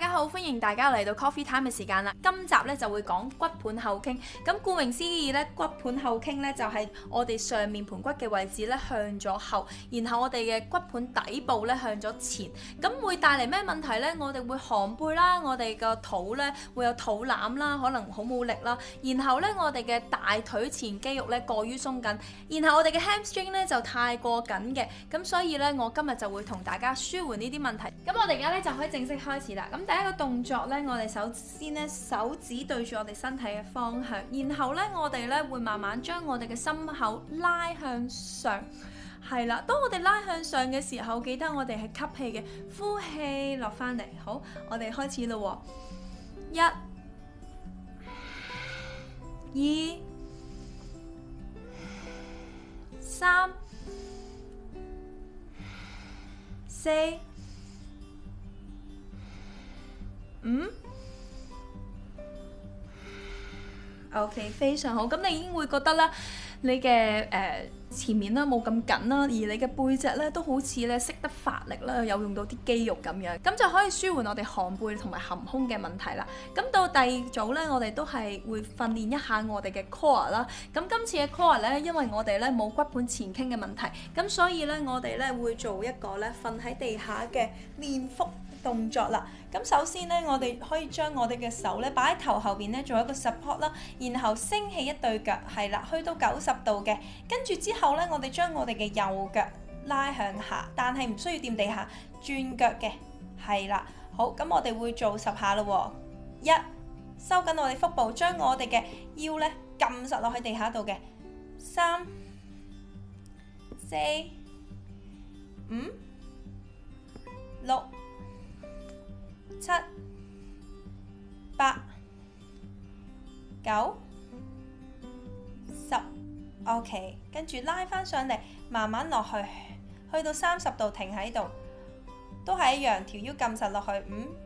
大家好，歡迎大家嚟到 Coffee Time 嘅時間啦。今集呢就會講骨盆後傾。咁顧名思義呢，骨盆後傾呢，就係我哋上面盤骨嘅位置呢，向咗後，然後我哋嘅骨盆底部呢，向咗前。咁會帶嚟咩問題呢？我哋會寒背啦，我哋個肚呢，會有肚腩啦，可能好冇力啦。然後呢，我哋嘅大腿前肌肉呢，過於鬆緊，然後我哋嘅 hamstring 呢，就太過緊嘅。咁所以呢，我今日就會同大家舒緩呢啲問題。咁我哋而家呢，就可以正式開始啦。咁第一個動作呢，我哋首先呢，手指對住我哋身體嘅方向，然後呢，我哋呢會慢慢將我哋嘅心口拉向上，係啦。當我哋拉向上嘅時候，記得我哋係吸氣嘅，呼氣落翻嚟。好，我哋開始咯，一、二、三、四。嗯，OK，非常好。咁你已經會覺得啦，你嘅誒，呃前面啦，冇咁緊啦，而你嘅背脊咧都好似咧識得發力啦，有用到啲肌肉咁樣，咁就可以舒緩我哋寒背同埋含胸嘅問題啦。咁到第二組呢，我哋都係會訓練一下我哋嘅 core 啦。咁今次嘅 core 咧，因為我哋呢冇骨盆前傾嘅問題，咁所以呢，我哋呢會做一個呢瞓喺地下嘅練腹動作啦。咁首先呢，我哋可以將我哋嘅手呢擺喺頭後邊呢做一個 support 啦，然後升起一對腳，係啦，去到九十度嘅，跟住之後。好咧，我哋將我哋嘅右腳拉向下，但係唔需要掂地下，轉腳嘅係啦。好，咁我哋會做十下咯。一，收緊我哋腹部，將我哋嘅腰咧撳實落喺地下度嘅。三、四、五、六、七、八、九、十。O.K.，跟住拉翻上嚟，慢慢落去，去到三十度停喺度，都係一樣。條腰撳實落去，五、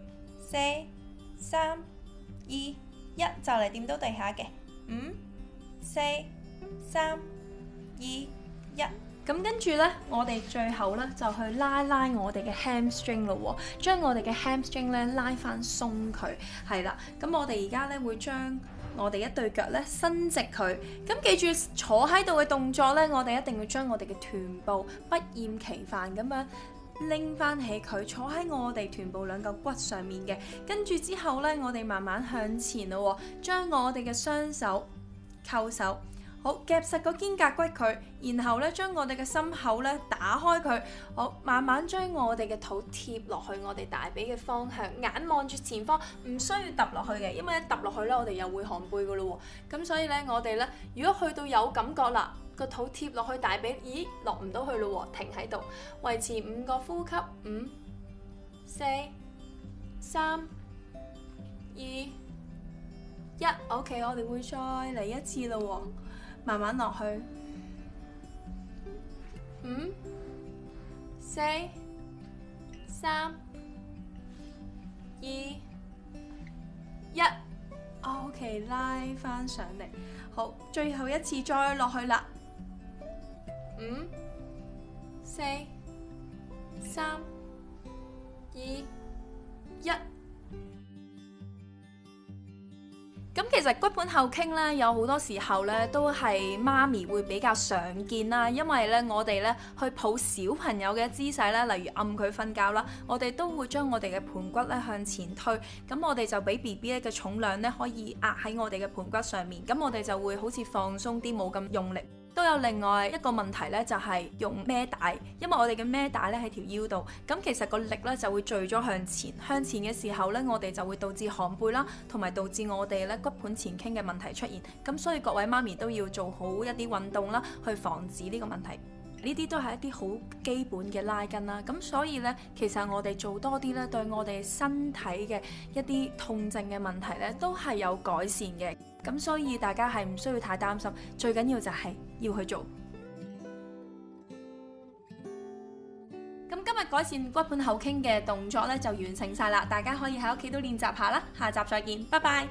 四、三、二、一就嚟掂到地下嘅，五、四、三、二、一。咁跟住呢，我哋最後呢，就去拉拉我哋嘅 hamstring 咯喎，將我哋嘅 hamstring 呢，拉翻鬆佢。係啦，咁我哋而家呢，會將，我哋一對腳咧伸直佢，咁記住坐喺度嘅動作呢，我哋一定要將我哋嘅臀部不厭其煩咁樣拎翻起佢，坐喺我哋臀部兩嚿骨上面嘅，跟住之後呢，我哋慢慢向前咯喎，將我哋嘅雙手扣手。好，夾實個肩胛骨佢，然後咧將我哋嘅心口咧打開佢。好，慢慢將我哋嘅肚貼落去我哋大髀嘅方向，眼望住前方，唔需要揼落去嘅，因為一揼落去咧，我哋又會寒背噶咯喎。咁所以咧，我哋咧如果去到有感覺啦，個肚貼落去大髀，咦，落唔到去咯喎，停喺度，維持五個呼吸，五、四、三、二、一，OK，我哋會再嚟一次咯喎。慢慢落去，五、四、三、二、一，OK，拉翻上嚟。好，最後一次再落去啦，五、四、三、二、一。咁其實骨盆後傾呢，有好多時候呢都係媽咪會比較常見啦。因為呢我哋呢去抱小朋友嘅姿勢呢，例如按佢瞓覺啦，我哋都會將我哋嘅盤骨呢向前推，咁我哋就俾 BB 呢嘅重量呢可以壓喺我哋嘅盤骨上面，咁我哋就會好似放鬆啲，冇咁用力。都有另外一個問題呢就係、是、用孭帶，因為我哋嘅孭帶呢喺條腰度，咁其實個力呢就會聚咗向前，向前嘅時候呢，我哋就會導致寒背啦，同埋導致我哋呢骨盆前傾嘅問題出現，咁所以各位媽咪都要做好一啲運動啦，去防止呢個問題。呢啲都係一啲好基本嘅拉筋啦，咁所以呢，其實我哋做多啲呢對我哋身體嘅一啲痛症嘅問題呢，都係有改善嘅。咁所以大家係唔需要太擔心，最緊要就係要去做。咁今日改善骨盆後傾嘅動作呢，就完成晒啦，大家可以喺屋企都練習下啦。下集再見，拜拜。